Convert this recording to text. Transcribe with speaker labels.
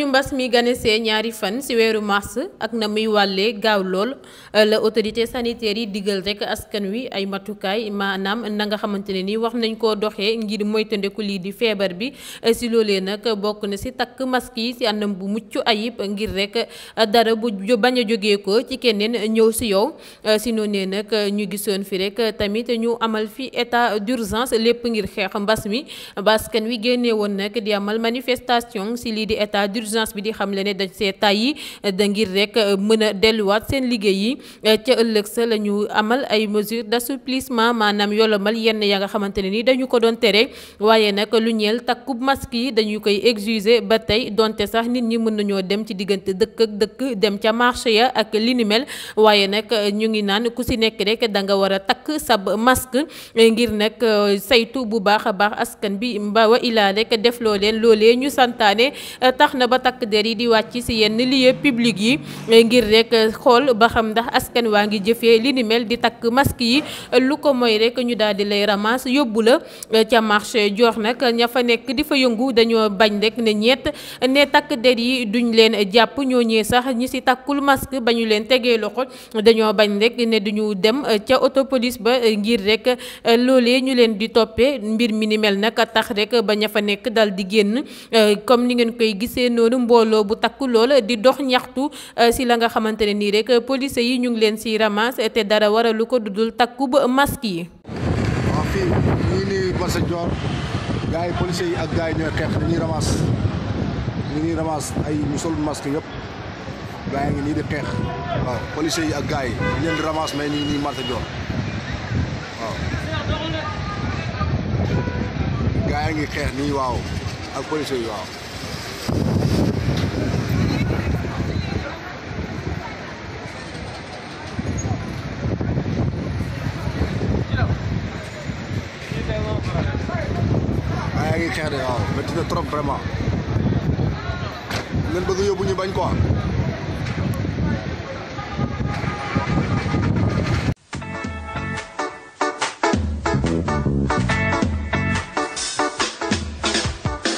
Speaker 1: ñu mbas mi ganesee ñaari fan ci weeru mars ak na muy wàllee gaaw lool la autorité sanitaire yi digal rek askan wi ay matukaay maanaam na nga xamante ne ni wax nañ koo doxee ngir moytandiku lii di feebar bi si loolee nag bokk na si takk masque yi si anam bu mucc ayib ngir rek dara bu bañ a jógee ko ci keneen ñëw si yow si noonee nag ñu gisoon fi rek tamit ñu amal fi état d'urgence lépp ngir xeex mbas mi ba askan wi génnee woon nag di amal manifestation urgence bi di xam le ne dañ see tàyyi da ngir rek euh, a delluwaat seen liggéey yi euh, ca ëllëg sa la ñu amal ay mesures d'assouplissement maanaam yolomal yenn ya nga xamante ne ni dañu ko doon tere waaye nag lu ñeel takkub masque yi dañu koy exiger ba tey donte sax nit ñi mën nañoo dem ci diggante dëkk ak dëkk dem ca marché ya ak li waaye nag euh, ñu ngi naan ku si nekk rek da nga war a takk sab mask ngir nag saytu bu baax a baax askan bi mba wa ilaa def loo ba takk der yi di wàcc ci yenn lieu public yi eh, ngir rek eh, xool ba xam ndax askan waa ngi jëfee li di takk mask yi eh, lu ko moy rek ñu daal di lay ramas yóbbu la ca marché jox nag ña fa nekk di fa yëngu dañoo bañ rekk ne ñett ne takk der yi duñ leen jàpp ñoo sax ñi si takkul masque ba leen tegee loxo dañoo bañ rek ne duñu dem ca autopolis ba ngir rek loolee ñu leen di toppee mbir minimel ni mel nag tax rek ba ña fa nekk dal di génn comme ni ngeen koy gisee noonu mbooloo bu takk lool di dox ñaxtu euh, si la nga xamante ne nii rek police yi ñu ngi leen si ramasse te dara waralu ko dudul takku ba masque yi.
Speaker 2: waaw fii ñu nii marché Dior gars yi police yi ak gars yi ñooy xeex dañuy ramasse ñu ngi ay ñu sol masque yëpp gars yi nii di xeex waaw police yi ak gars yi ñu leen di ñu ngi nii marché Dior waaw. gaa ngi xeex nii waaw ak police yi waaw. xeer yi waaw métti na trop vraiment ngeen bëgg yóbbu ñu bañ quoi